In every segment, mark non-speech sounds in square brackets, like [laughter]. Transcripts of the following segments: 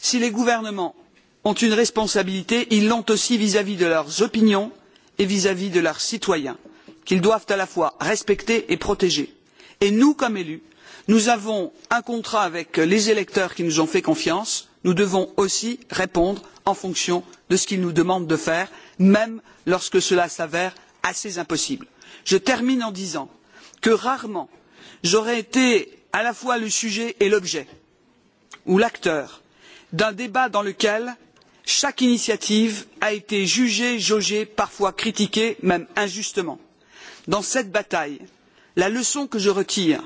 si les gouvernements ont une responsabilité ils l'ont aussi vis à vis de leurs opinions et vis à vis de leurs citoyens qu'ils doivent à la fois respecter et protéger. et nous comme élus nous avons un contrat avec les électeurs qui nous ont fait confiance nous devons aussi répondre en fonction de ce qu'ils nous demandent de faire même lorsque cela s'avère assez impossible. je termine en disant que rarement j'aurais été à la fois le sujet et l'objet ou l'acteur d'un débat dans lequel chaque initiative a été jugée jaugée parfois critiquée même injustement. dans cette bataille la leçon que je retire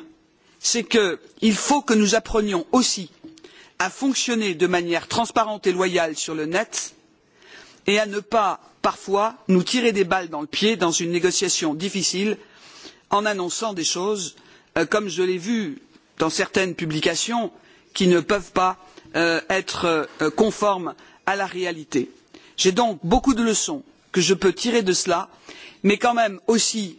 c'est qu'il faut que nous apprenions aussi à fonctionner de manière transparente et loyale sur le net et à ne pas parfois nous tirer des balles dans le pied dans une négociation difficile en annonçant des choses euh, comme je l'ai vu dans certaines publications qui ne peuvent pas euh, être euh, conformes à la réalité. j'ai donc beaucoup de leçons que je peux tirer de cela mais quand même aussi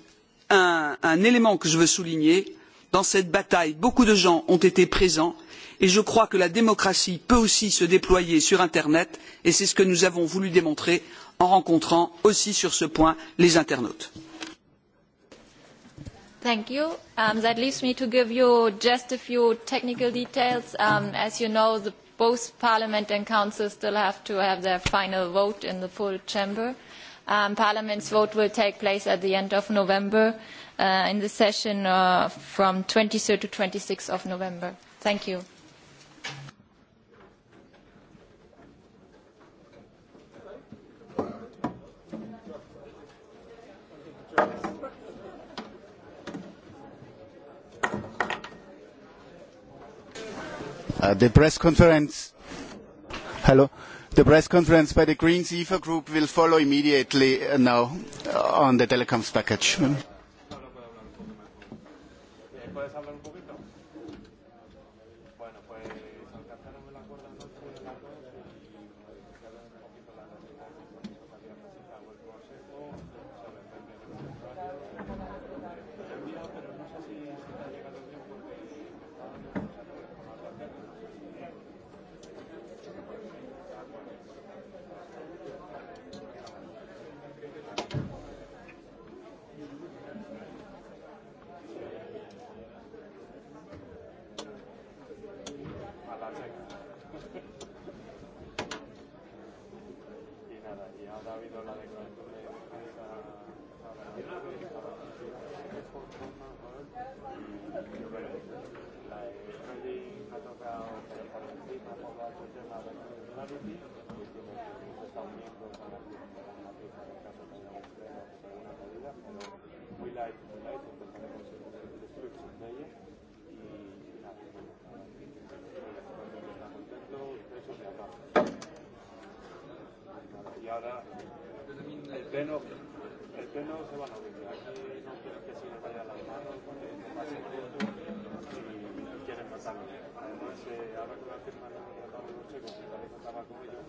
un, un élément que je veux souligner dans cette bataille beaucoup de gens ont été présents et je crois que la démocratie peut aussi se déployer sur internet et c'est ce que nous avons voulu démontrer en rencontrant aussi sur ce point les internautes. Thank you. Um, that leaves me to give you just a few technical details. Um, as you know, the, both Parliament and Council still have to have their final vote in the full chamber. Um, Parliament's vote will take place at the end of November uh, in the session uh, from 23rd to 26th of November. Thank you. Uh, the press conference. Hello. The press conference by the Greens EFA Group will follow immediately uh, now uh, on the telecoms package. Mm-hmm. tanto el tema del graduality, que tiene que se está uniendo con la normativa del caso de la extrema en alguna medida, pero muy light, muy light, intentaremos destruir sus leyes y nada, bueno, está contento, de eso se habla. Y ahora el pleno, el pleno se va a abrir, aquí no quieren que se les vayan las manos, que se pase el tiempo y quieren matarlo. Además, eh, ahora que va a firmar la se consideraré con tabaco ellos,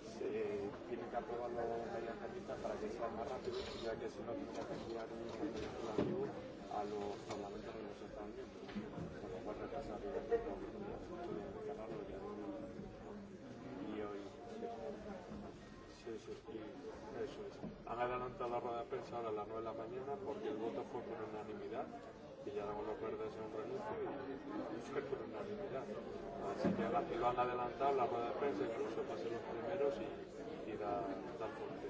se eh, tienen que aprobarlo mediante listas para que sea más rápido, ya que si no tendría que enviar un legislativo a los parlamentos de los Estados Unidos, con lo cual retrasaría el canal y hoy. Sí, sí, y eso es. Han adelantado la rueda de prensa ahora a las 9 de la mañana por que ya daban los verdes en un renuncio y fue por unanimidad. Así que la, lo han adelantado, la rueda de prensa incluso, para ser los primeros y, y dar da fuerte.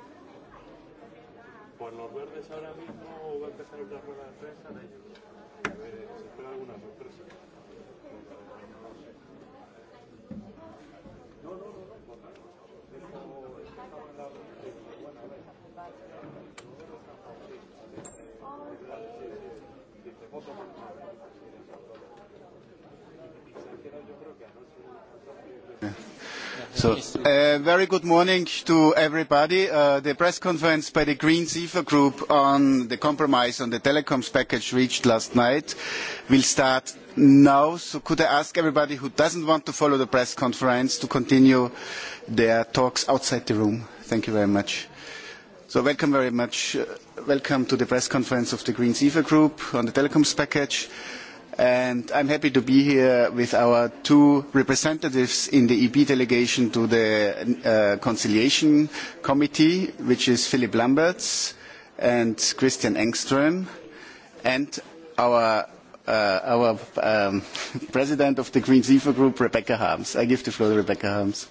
Pues los verdes ahora mismo va a empezar una rueda de prensa de ellos. A ver, se espera alguna sorpresa. No, no, no, no, por nada. Estamos en la reunión. Bueno, a ver. Sí, sí voto So, uh, very good morning to everybody. Uh, the press conference by the Green Zephyr Group on the compromise on the telecoms package reached last night will start now. So could I ask everybody who doesn't want to follow the press conference to continue their talks outside the room? Thank you very much. So welcome very much. Uh, welcome to the press conference of the Greens EFA Group on the telecoms package. And I'm happy to be here with our two representatives in the EB delegation to the uh, Conciliation Committee, which is Philip Lamberts and Christian Engström, and our uh, our um, [laughs] president of the Greens EFA Group, Rebecca Harms. I give the floor to Rebecca Harms.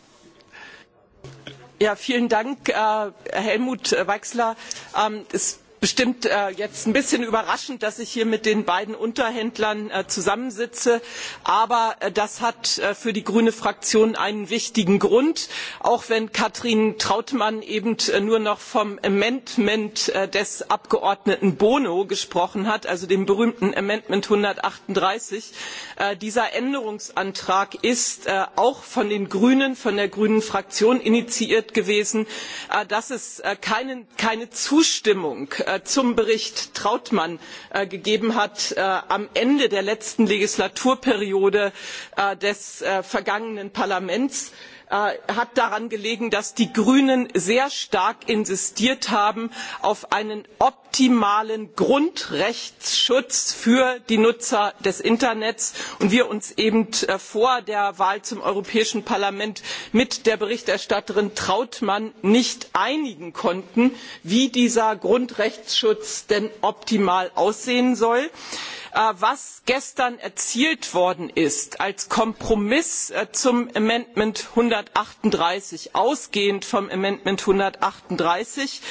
Ja, vielen Dank, äh, Helmut Weixler. Ähm, es bestimmt äh, jetzt ein bisschen überraschend dass ich hier mit den beiden unterhändlern äh, zusammensitze aber äh, das hat äh, für die grüne fraktion einen wichtigen grund auch wenn katrin trautmann eben äh, nur noch vom amendment äh, des abgeordneten bono gesprochen hat also dem berühmten amendment. einhundertachtunddreißig dieser änderungsantrag ist auch von den grünen von der grünen fraktion initiiert gewesen dass es keinen, keine zustimmung Äh, zum bericht trautmann äh, gegeben hat äh, am ende der letzten legislaturperiode des vergangenen parlaments Äh, hat daran gelegen dass die grünen sehr stark insistiert haben auf einen optimalen grundrechtsschutz für die nutzer des internets und wir uns eben äh, vor der wahl zum europäischen parlament mit der berichterstatterin trautmann nicht einigen konnten wie dieser grundrechtsschutz denn optimal aussehen soll. Äh, was gestern erzielt worden ist als kompromiss äh, zum änderungsantrag einhundertachtunddreißig ausgehend vom änderungsantrag einhundertachtunddreißig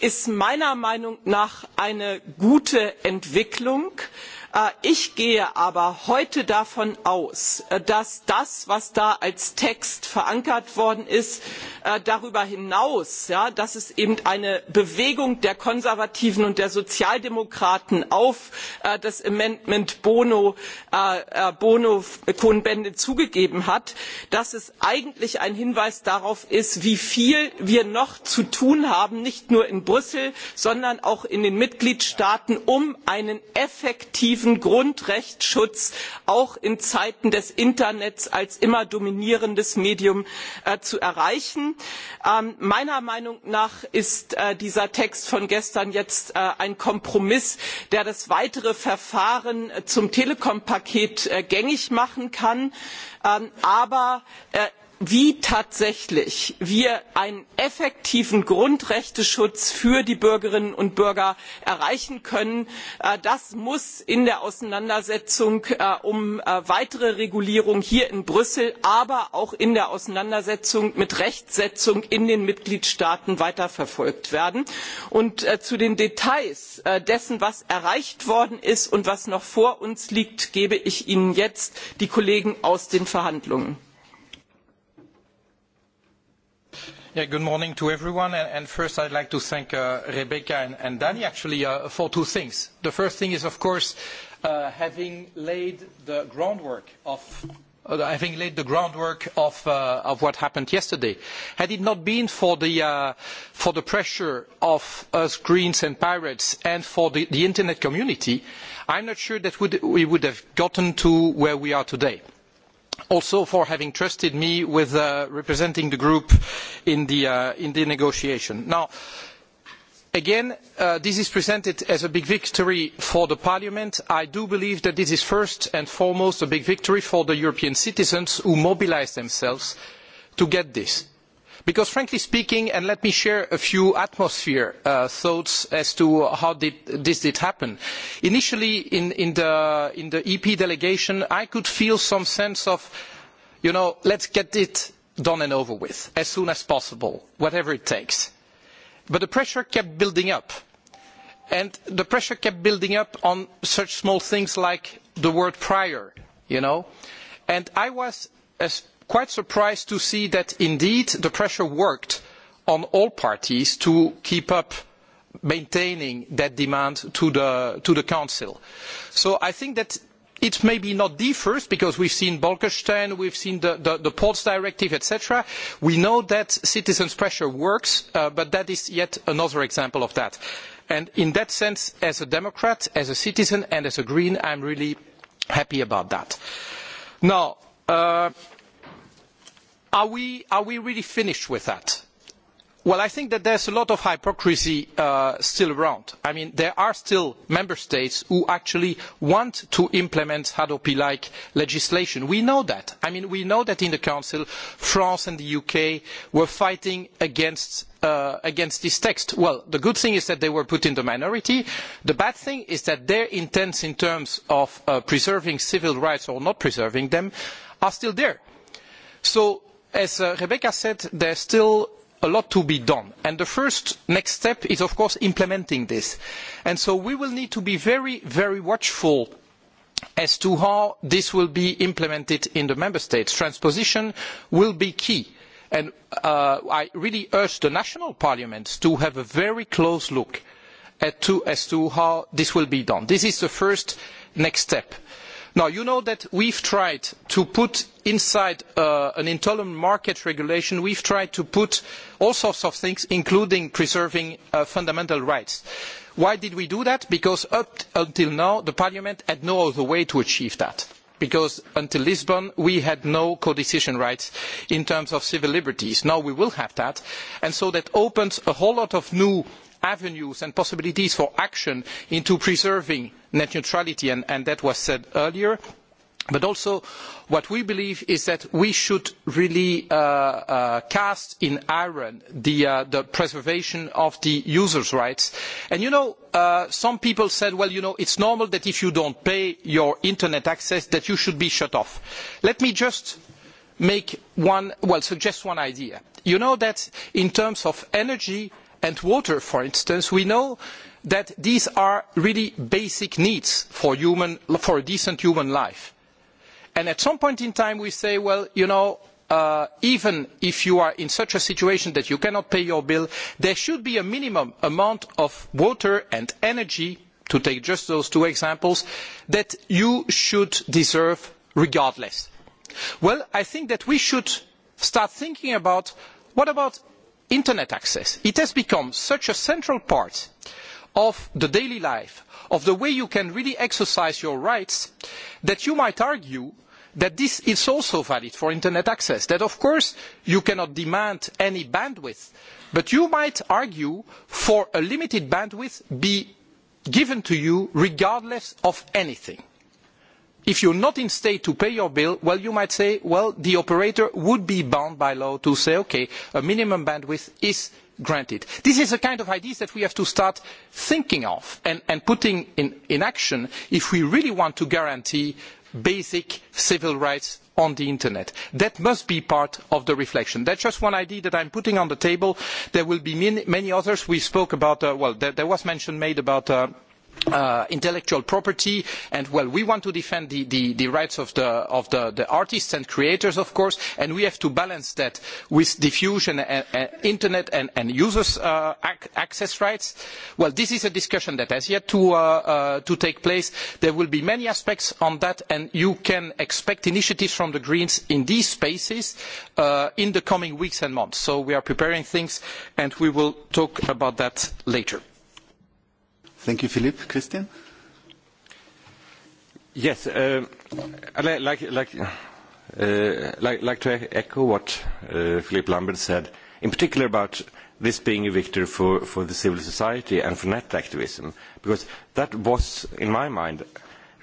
ist meiner meinung nach eine gute entwicklung. Äh, ich gehe aber heute davon aus äh, dass das was da als text verankert worden ist äh, darüber hinaus dass es eben eine bewegung der konservativen und der sozialdemokraten auf das amendment bono cohn bendit zugegeben hat dass es eigentlich ein hinweis darauf ist wie viel wir noch zu tun haben nicht nur in brüssel sondern auch in den mitgliedstaaten um einen effektiven aktiven grundrechtsschutz auch in zeiten des internets als immer dominierendes medium äh, zu erreichen. Ähm, meiner meinung nach ist äh, dieser text von gestern jetzt äh, ein kompromiss der das weitere verfahren zum telekom paket gängig machen kann ähm, aber wie tatsächlich wir einen effektiven grundrechteschutz für die bürgerinnen und bürger erreichen können äh, das muss in der auseinandersetzung äh, um äh, weitere regulierung hier in brüssel aber auch in der auseinandersetzung mit rechtsetzung in den mitgliedstaaten weiterverfolgt werden. zu den details dessen was erreicht worden ist und was noch vor uns liegt gebe ich ihnen jetzt die kollegen aus den verhandlungen. Yeah, good morning to everyone. And, and first, I'd like to thank uh, Rebecca and, and Danny actually uh, for two things. The first thing is, of course, uh, having laid the groundwork of uh, having laid the groundwork of, uh, of what happened yesterday. Had it not been for the, uh, for the pressure of us Greens and Pirates and for the, the internet community, I'm not sure that would, we would have gotten to where we are today. Uh, also for having trusted me with uh, representing the group in the, uh, in the negotiation. Now, again uh, this is presented as a big victory for parliament. i do believe that this is first and foremost a big victory for the european citizens who mobilised themselves to get this. Because frankly speaking, and let me share a few atmosphere uh, thoughts as to how did, this did happen. Initially, in, in, the, in the EP delegation, I could feel some sense of, you know, let's get it done and over with as soon as possible, whatever it takes. But the pressure kept building up. And the pressure kept building up on such small things like the word prior, you know. And I was, as quite surprised to see that indeed the pressure worked on all parties to keep up maintaining that demand to the, to the Council. So I think that it's maybe not the first, because we've seen Bolkestein, we've seen the, the, the Ports Directive, etc. We know that citizens' pressure works, uh, but that is yet another example of that. And in that sense, as a Democrat, as a citizen, and as a Green, I'm really happy about that. Now, uh, Are we, are we really finished with that? Well, I think that there's a lot of hypocrisy uh, still around. I mean, there are still member states who actually want to implement Hadopi-like legislation. We know that. I mean, we know that in the Council, France and the UK were fighting against, uh, against this text. Well, the good thing is that they were put in the minority. The bad thing is that their intents in terms of uh, preserving civil rights or not preserving them are still there. So as uh, Rebecca said, there's still a lot to be done. And the first next step is, of course, implementing this. And so we will need to be very, very watchful as to how this will be implemented in the member states. Transposition will be key. And uh, I really urge the national parliaments to have a very close look at to, as to how this will be done. This is the first next step. Uh, Now, you know that we've tried to put inside uh, an intolerant market regulation, we've tried to put all sorts of things, including preserving uh, fundamental rights. Why did we do that? Because up until now, the Parliament had no other way to achieve that because until Lisbon we had no co-decision rights in terms of civil liberties. Now we will have that, and so that opens a whole lot of new avenues and possibilities for action into preserving net neutrality, and, and that was said earlier. But also, what we believe is that we should really uh, uh, cast in iron the, uh, the preservation of the user's rights. And you know, uh, some people said, well, you know, it's normal that if you don't pay your internet access that you should be shut off. Let me just make one, well, suggest one idea. You know that in terms of energy, uh, and water, for instance, we know that these are really basic needs for, human, for a decent human life. And at some point in time we say, well, you know, uh, even if you are in such a situation that you cannot pay your bill, there should be a minimum amount of water and energy, to take just those two examples, that you should deserve regardless. Well, I think that we should start thinking about what about internet access. It has become such a central part of the daily life, of the way you can really exercise your rights, that you might argue that this is also valid for internet access. That of course you cannot demand any bandwidth, but you might argue for a limited bandwidth be given to you regardless of anything if you're not in state to pay your bill, well, you might say, well, the operator would be bound by law to say, okay, a minimum bandwidth is granted. This is the kind of ideas that we have to start thinking of and, and putting in, in action if we really want to guarantee basic civil rights on the internet. That must be part of the reflection. That's just one idea that I'm putting on the table. There will be many, many others. We spoke about, uh, well, there, there was mention made about uh, uh, intellectual property and well we want to defend the, the, the rights of the of the, the artists and creators of course and we have to balance that with diffusion and, and internet and, and users uh, ac access rights well this is a discussion that has yet to uh, uh, to take place there will be many aspects on that and you can expect initiatives from the greens in these spaces uh, in the coming weeks and months so we are preparing things and we will talk about that later Thank you, Philippe. Christian? Yes. Uh, I'd like, like, uh, like, like to e-, echo what uh, Philippe Lambert said, in particular about this being a victory for, for the civil society and for net activism, because that was, in my mind,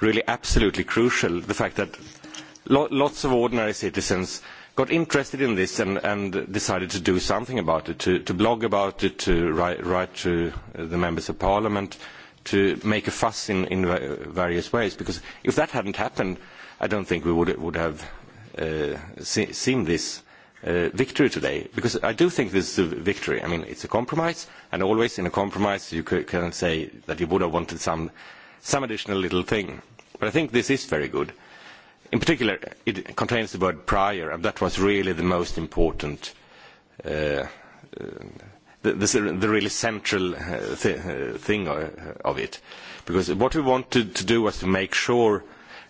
really absolutely crucial, the fact that lo lots of ordinary citizens uh, got interested in this and, and decided to do something about it, to, to blog about it, to write, write to uh, the members of parliament, to make a fuss in, in various ways. Because if that hadn't happened, I don't think we would, would have uh, see, seen this uh, victory today. Because I do think this is a victory. I mean, it's a compromise, and always in a compromise you could, can say that you would have wanted some, some additional little thing. But I think this is very good. Uh, in particular, it contains the word prior, and that was really the most important, uh, uh, the, the, the really central uh, th uh, thing uh, of it. Because what we wanted to do was to make sure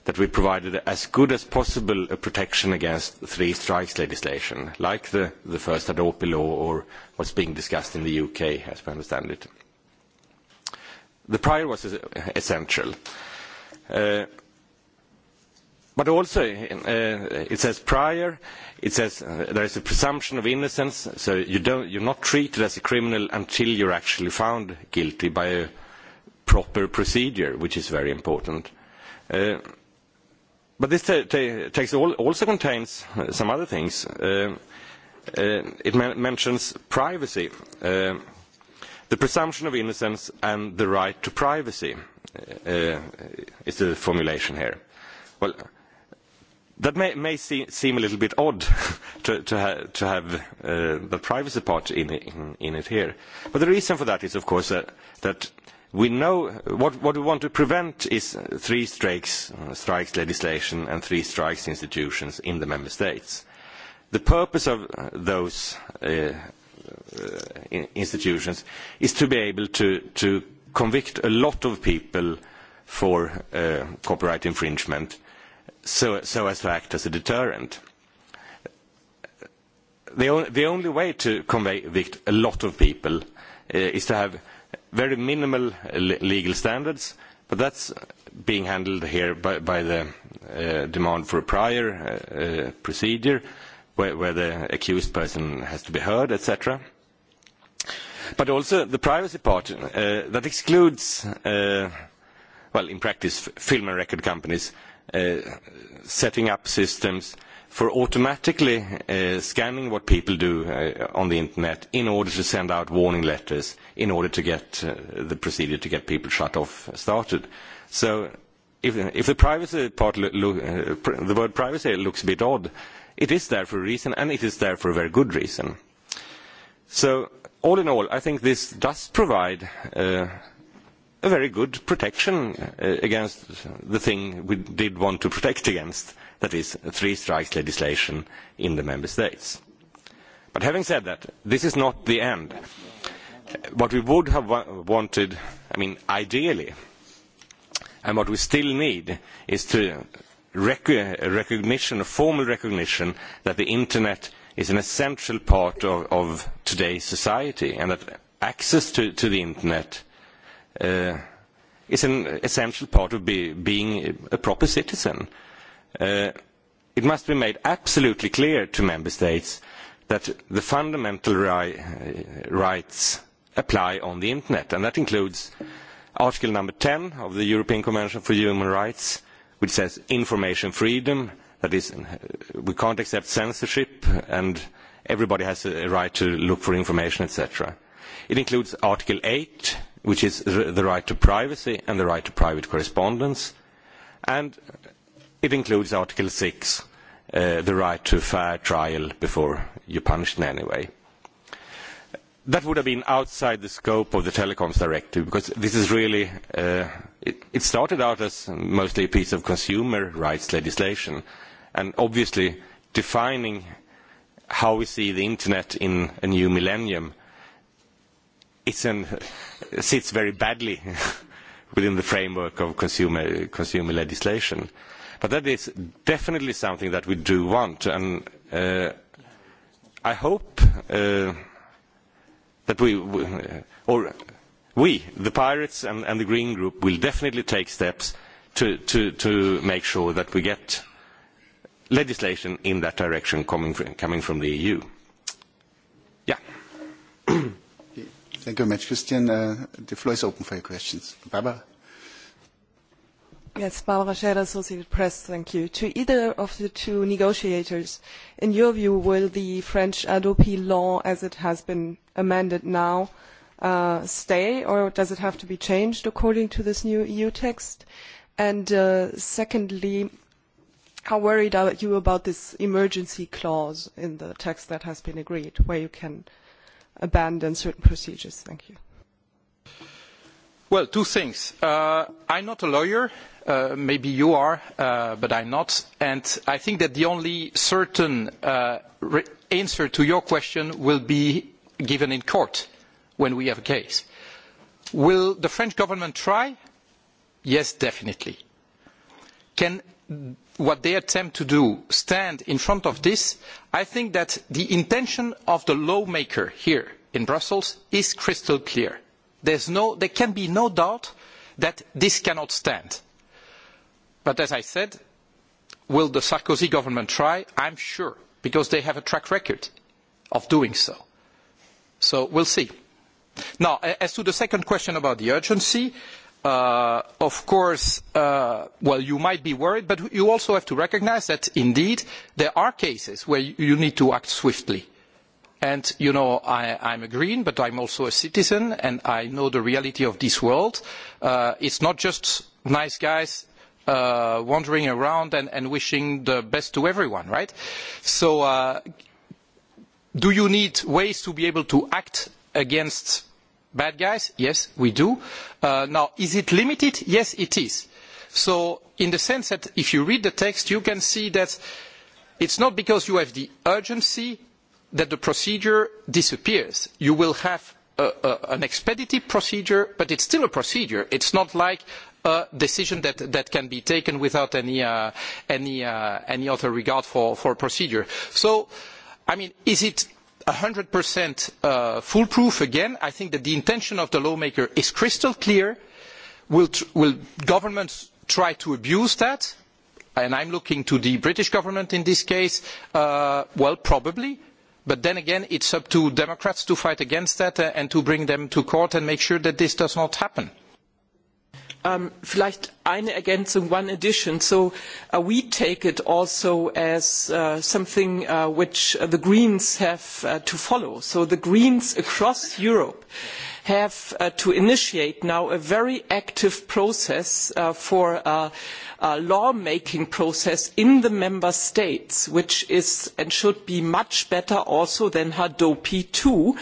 that we provided as good as possible a protection against three strikes legislation, like the, the first Adopi law or what's being discussed in the UK, as we understand it. The prior was essential. Uh, But also, uh, it says prior, it says uh, there is a presumption of innocence, so you don't, you're not treated as a criminal until you're actually found guilty by a proper procedure, which is very important. Uh, but this t- t- text al- also contains uh, some other things. Uh, uh, it men- mentions privacy, uh, the presumption of innocence, and the right to privacy uh, uh is the formulation here. Well, That may, may see, seem a little bit odd [laughs] to, to, ha to have uh, the privacy part in, in, in it here. But the reason for that is, of course, that, that we know what, what we want to prevent is three strikes, uh, strikes legislation and three strikes institutions in the member states. The purpose of uh, those uh, uh, institutions is to be able to, to convict a lot of people for uh, copyright infringement so, so as to act as a deterrent. The, on, the only way to convict a lot of people uh, is to have very minimal uh, legal standards, but that's being handled here by, by the uh, demand for a prior uh, uh, procedure where, where the accused person has to be heard, etc. But also the privacy part, uh, that excludes, uh, well, in practice, film and record companies uh, setting up systems for automatically uh, scanning what people do uh, on the internet in order to send out warning letters, in order to get uh, the procedure to get people shut off uh, started. So if, if the privacy part, lo- lo- uh, pr- the word privacy looks a bit odd, it is there for a reason, and it is there for a very good reason. So all in all, I think this does provide uh, a very good protection uh, against the thing we did want to protect against, that is, three strikes legislation in the member states. But having said that, this is not the end. Uh, what we would have wa wanted, I mean, ideally, and what we still need is to rec recognition, a formal recognition that the internet is an essential part of, of today's society and that access to, to the internet uh, uh, is an essential part of be, being a proper citizen. Uh, it must be made absolutely clear to member states that the fundamental ri uh, rights apply on the internet, and that includes article number 10 of the European Convention for Human Rights, which says information freedom, that is, uh, we can't accept censorship, and everybody has a right to look for information, etc. It includes article 8, which is the right to privacy and the right to private correspondence. And it includes Article 6, uh, the right to fair trial before you're punished in any way. That would have been outside the scope of the Telecoms Directive because this is really, uh, it, it started out as mostly a piece of consumer rights legislation. And obviously, defining how we see the internet in a new millennium it's an, sits very badly [laughs] within the framework of consumer, consumer legislation. But that is definitely something that we do want, and uh, I hope uh, that we, or we, the pirates and, and the Green Group, will definitely take steps to, to, to make sure that we get legislation in that direction coming from, coming from the EU. Thank you very much, Christian. Uh, the floor is open for your questions. Barbara? Yes, Barbara Scherer, Associated Press, thank you. To either of the two negotiators, in your view, will the French Adopi law, as it has been amended now, uh, stay, or does it have to be changed according to this new EU text? And uh, secondly, how worried are you about this emergency clause in the text that has been agreed, where you can uh, abandon certain procedures? Thank you. Well, two things. Uh, I'm not a lawyer. Uh, maybe you are, uh, but I'm not. And I think that the only certain uh, re- answer to your question will be given in court when we have a case. Will the French government try? Yes, definitely can what they attempt to do stand in front of this, I think that the intention of the lawmaker here in Brussels is crystal clear. There's no, there can be no doubt that this cannot stand. But as I said, will the Sarkozy government try? I'm sure, because they have a track record of doing so. So we'll see. Now, as to the second question about the urgency, uh, uh, of course, uh, well, you might be worried, but you also have to recognize that indeed there are cases where you need to act swiftly. And, you know, I, I'm a green, but I'm also a citizen, and I know the reality of this world. Uh, it's not just nice guys uh, wandering around and, and wishing the best to everyone, right? So uh, do you need ways to be able to act against bad guys? Yes, we do. Uh, now, is it limited? Yes, it is. So, in the sense that if you read the text, you can see that it's not because you have the urgency that the procedure disappears. You will have a, a, an expeditive procedure, but it's still a procedure. It's not like a decision that, that can be taken without any, uh, any, uh, any other regard for, for procedure. So, I mean, is it 100 percent uh, foolproof again. I think that the intention of the lawmaker is crystal clear. Will, tr will governments try to abuse that? And I'm looking to the British government in this case. Uh, well, probably. But then again, it's up to Democrats to fight against that uh, and to bring them to court and make sure that this does not happen. Uh, um, vielleicht eine Ergänzung, one addition. So uh, we take it also as uh, something uh, which uh, the Greens have uh, to follow. So the Greens across Europe. Uh, have uh, to initiate now a very active process uh, for uh, uh, lawmaking process in the member states, which is and should be much better also than Hadopi 2.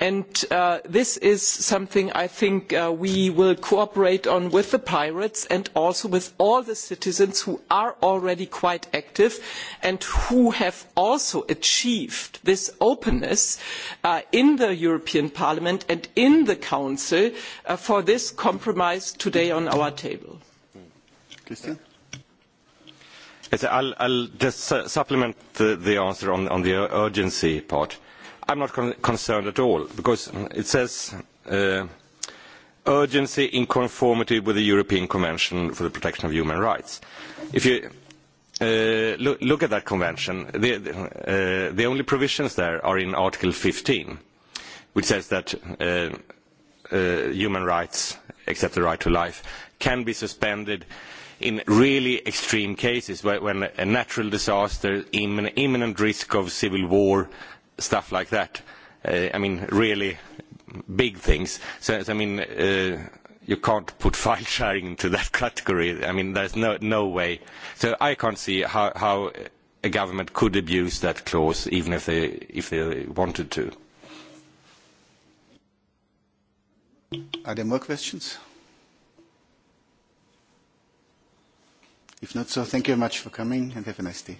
And uh, this is something I think uh, we will cooperate on with the pirates and also with all the citizens who are already quite active and who have also achieved this openness uh, in the European Parliament and in the Council uh, for this compromise today on our table. Christian? Yes, I'll, I'll just su supplement the, the answer on, on the urgency part. I'm not con concerned at all because it says uh, urgency in conformity with the European Convention for the Protection of Human Rights. If you Uh, look, look at that convention, the, the, uh, the only provisions there are in Article 15, which says that uh, uh, human rights, except the right to life, can be suspended in really extreme cases, where, when a natural disaster, immin imminent risk of civil war, stuff like that. Uh, I mean, really big things. So, so I mean, uh, you can't put [laughs] file sharing into that category. I mean, there's no, no way. So I can't see how, how a government could abuse that clause, even if they, if they wanted to. Are there more questions? If not, so thank you very much for coming and have a nice day.